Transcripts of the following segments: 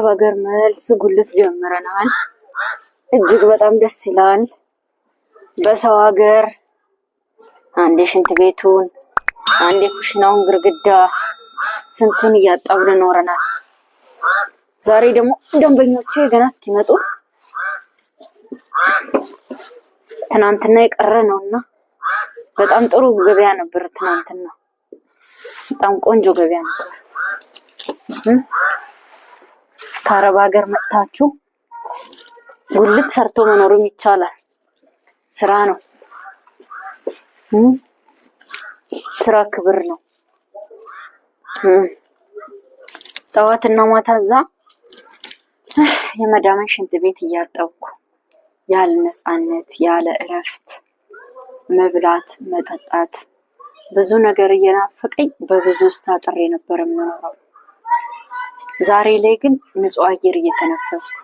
ከበገር መልስ ጉልት ጀምረናል። እጅግ በጣም ደስ ይላል። በሰው ሀገር አንዴ ሽንት ቤቱን አንዴ ኩሽናውን ግርግዳ ስንቱን እያጣብን ኖረናል። ዛሬ ደግሞ ደንበኞቼ ገና እስኪመጡ ትናንትና የቀረ ነውና በጣም ጥሩ ገበያ ነበር። ትናንትና በጣም ቆንጆ ገበያ ነበር። ከአረብ ሀገር መጥታችሁ ጉልት ሰርቶ መኖርም ይቻላል። ስራ ነው፣ ስራ ክብር ነው። ጠዋት እና ማታ እዛ የመዳመን ሽንት ቤት እያጠብኩ ያለ ነፃነት ያለ እረፍት መብላት መጠጣት ብዙ ነገር እየናፈቀኝ በብዙ ውስጥ አጥሬ ነበር የምኖረው። ዛሬ ላይ ግን ንጹህ አየር እየተነፈስኩ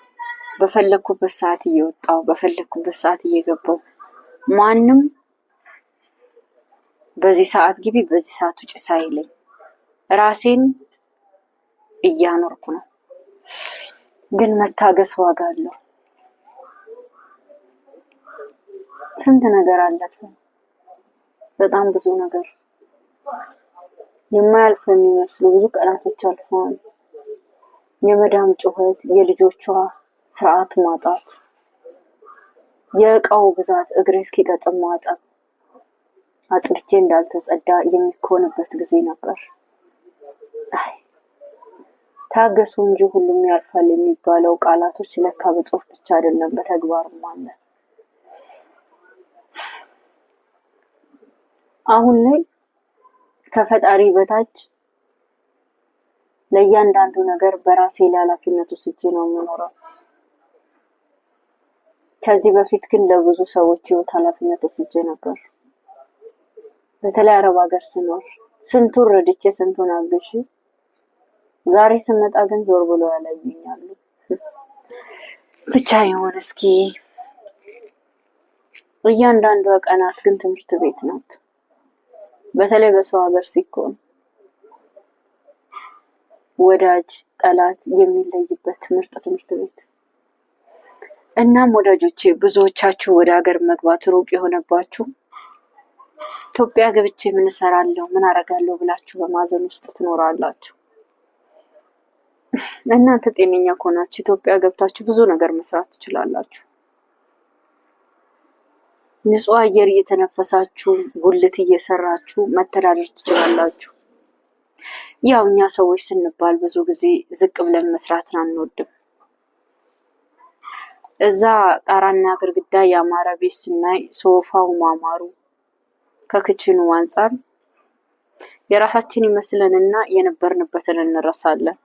በፈለግኩበት ሰዓት እየወጣው በፈለግኩበት ሰዓት እየገባው ማንም በዚህ ሰዓት ግቢ በዚህ ሰዓት ውጭ ሳይለኝ ራሴን እያኖርኩ ነው። ግን መታገስ ዋጋ አለው። ስንት ነገር አለፈን፣ በጣም ብዙ ነገር የማያልፈ የሚመስሉ ብዙ ቀናቶች አልፈዋል። የመዳም ጩኸት፣ የልጆቿ ስርዓት ማጣት፣ የእቃው ብዛት፣ እግር እስኪቀጥም ማጠብ፣ አጥርቼ እንዳልተጸዳ የሚኮንበት ጊዜ ነበር። አይ ታገሱ እንጂ ሁሉም ያልፋል የሚባለው ቃላቶች ለካ በጽሁፍ ብቻ አይደለም፣ በተግባርም አለ። አሁን ላይ ከፈጣሪ በታች ለእያንዳንዱ ነገር በራሴ ለኃላፊነቱ ስጄ ነው የምኖረው። ከዚህ በፊት ግን ለብዙ ሰዎች ህይወት ኃላፊነት ስጄ ነበር። በተለይ አረብ ሀገር ስኖር ስንቱን ረድቼ ስንቱን አግሽ፣ ዛሬ ስመጣ ግን ዞር ብሎ ያለኛሉ። ብቻ ይሁን እስኪ። እያንዳንዷ ቀናት ግን ትምህርት ቤት ናት፣ በተለይ በሰው ሀገር ሲኮን ወዳጅ ጠላት የሚለይበት ምርጥ ትምህርት ቤት። እናም ወዳጆቼ ብዙዎቻችሁ ወደ ሀገር መግባት ሩቅ የሆነባችሁ ኢትዮጵያ ገብቼ ምን እሰራለሁ ምን አደርጋለሁ ብላችሁ በማዘን ውስጥ ትኖራላችሁ። እናንተ ጤነኛ ከሆናችሁ ኢትዮጵያ ገብታችሁ ብዙ ነገር መስራት ትችላላችሁ። ንጹህ አየር እየተነፈሳችሁ ጉልት እየሰራችሁ መተዳደር ትችላላችሁ። ያው እኛ ሰዎች ስንባል ብዙ ጊዜ ዝቅ ብለን መስራትን አንወድም። እዛ ጣራና ግድግዳ ያማረ ቤት ስናይ ሶፋው ማማሩ ከክችኑ አንጻር የራሳችን ይመስለንና የነበርንበትን እንረሳለን።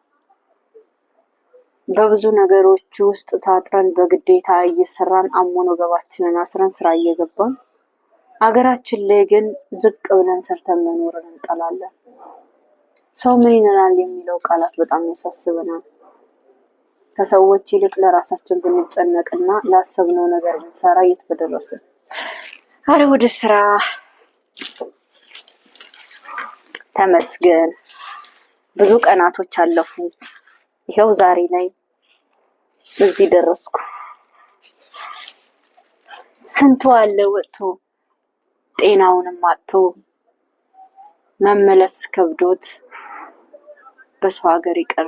በብዙ ነገሮች ውስጥ ታጥረን በግዴታ እየሰራን አሞን ወገባችንን አስረን ስራ እየገባን አገራችን ላይ ግን ዝቅ ብለን ሰርተን መኖርን እንጠላለን። ሰው ምን ይለናል የሚለው ቃላት በጣም ያሳስበናል። ከሰዎች ይልቅ ለራሳችን ብንጨነቅና ላሰብነው ነገር ብንሰራ የት በደረስን። አረ ወደ ስራ ተመስገን። ብዙ ቀናቶች አለፉ። ይኸው ዛሬ ላይ እዚህ ደረስኩ። ስንቱ አለ ወጥቶ ጤናውንም አጥቶ መመለስ ከብዶት በሰው ሀገር ይቀር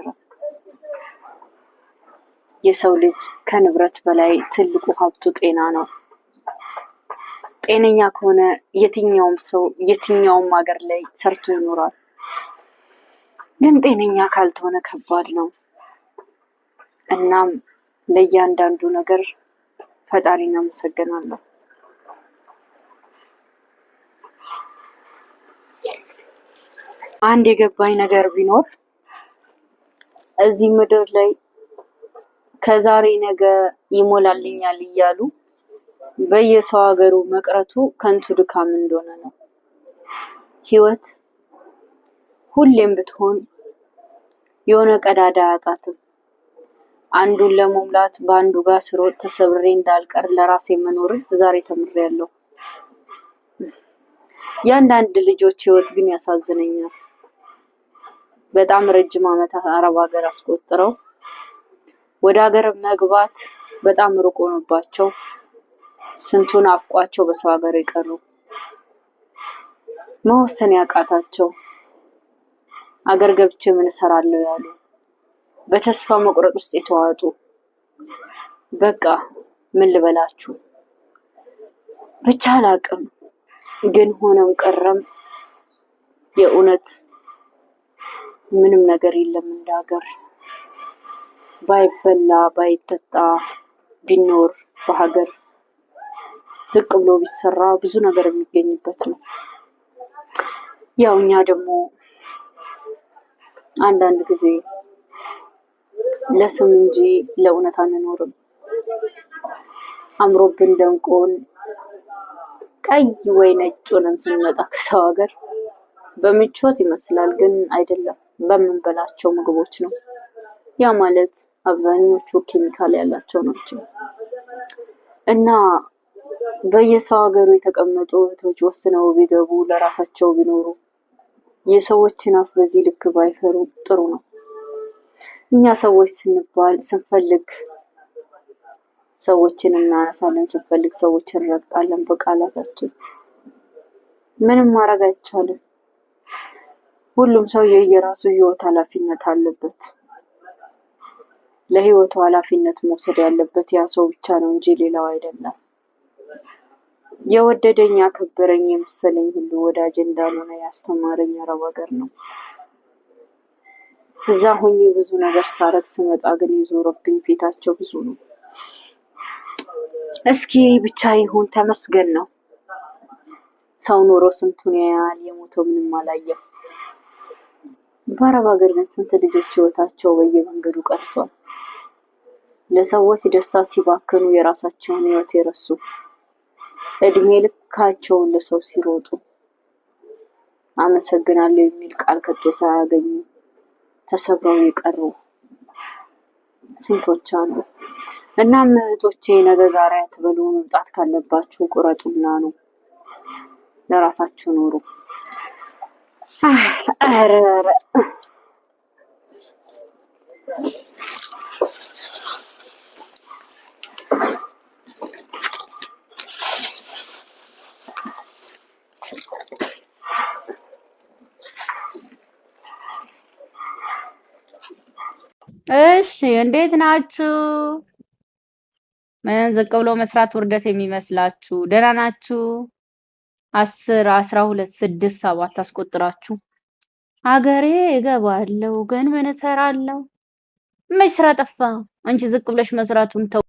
የሰው ልጅ ከንብረት በላይ ትልቁ ሀብቱ ጤና ነው። ጤነኛ ከሆነ የትኛውም ሰው የትኛውም ሀገር ላይ ሰርቶ ይኖራል። ግን ጤነኛ ካልተሆነ ከባድ ነው። እናም ለእያንዳንዱ ነገር ፈጣሪ እናመሰግናለሁ። አንድ የገባኝ ነገር ቢኖር እዚህ ምድር ላይ ከዛሬ ነገ ይሞላልኛል እያሉ በየሰው ሀገሩ መቅረቱ ከንቱ ድካም እንደሆነ ነው። ህይወት ሁሌም ብትሆን የሆነ ቀዳዳ አያጣትም። አንዱን ለመሙላት በአንዱ ጋር ስሮጥ ተሰብሬ እንዳልቀር ለራሴ መኖርን ዛሬ ተምሬያለሁ። የአንዳንድ ልጆች ህይወት ግን ያሳዝነኛል። በጣም ረጅም ዓመት አረብ ሀገር አስቆጥረው ወደ ሀገር መግባት በጣም ሩቅ ሆኖባቸው ስንቱን አፍቋቸው በሰው ሀገር የቀሩ መወሰን ያቃታቸው አገር ገብቼ ምን እሰራለሁ ያሉ በተስፋ መቁረጥ ውስጥ የተዋጡ በቃ ምን ልበላችሁ ብቻ አላቅም ግን ሆነም ቀረም የእውነት ምንም ነገር የለም እንደ ሀገር ባይበላ ባይጠጣ ቢኖር በሀገር ዝቅ ብሎ ቢሰራ ብዙ ነገር የሚገኝበት ነው። ያው እኛ ደግሞ አንዳንድ ጊዜ ለስም እንጂ ለእውነት አንኖርም። አምሮብን ደምቆን ቀይ ወይ ነጭ ሆነን ስንመጣ ከሰው ሀገር በምቾት ይመስላል፣ ግን አይደለም። በምንበላቸው ምግቦች ነው። ያ ማለት አብዛኞቹ ኬሚካል ያላቸው ናቸው እና በየሰው ሀገሩ የተቀመጡ እህቶች ወስነው ቢገቡ ለራሳቸው ቢኖሩ የሰዎችን አፍ በዚህ ልክ ባይፈሩ ጥሩ ነው። እኛ ሰዎች ስንባል ስንፈልግ ሰዎችን እናነሳለን፣ ስንፈልግ ሰዎችን እንረግጣለን በቃላታችን። ምንም ማድረግ አይቻልም። ሁሉም ሰው የየራሱ ህይወት ኃላፊነት አለበት። ለህይወቱ ኃላፊነት መውሰድ ያለበት ያ ሰው ብቻ ነው እንጂ ሌላው አይደለም። የወደደኝ ያከበረኝ የመሰለኝ ሁሉ ወዳጅ እንዳልሆነ ያስተማረኝ አረብ ሀገር ነው። እዛ ሆኜ ብዙ ነገር ሳረግ ስመጣ ግን የዞረብኝ ፊታቸው ብዙ ነው። እስኪ ብቻ ይሁን ተመስገን ነው። ሰው ኖሮ ስንቱን ያያል፣ የሞተው ምንም አላየም። በአረብ ሀገር ግን ስንት ልጆች ህይወታቸው በየመንገዱ ቀርቷል። ለሰዎች ደስታ ሲባክኑ የራሳቸውን ህይወት የረሱ እድሜ ልካቸውን ለሰው ሲሮጡ አመሰግናለሁ የሚል ቃል ከቶ ሳያገኙ ተሰብረው የቀሩ ስንቶች አሉ። እናም እህቶቼ ነገ ዛሬ አትበሉ። መምጣት ካለባችሁ ቁረጡና ነው። ለራሳችሁ ኑሩ። አረረ እሺ እንዴት ናችሁ? ምን ዝቅ ብሎ መስራት ውርደት የሚመስላችሁ? ደህና ናችሁ? አስር አስራ ሁለት ስድስት ሰባት አስቆጥራችሁ አገሬ እገባለሁ፣ ገንመን እሰራለሁ። መች ስራ ጠፋ? አንቺ ዝቅ ብለሽ መስራቱን ተው።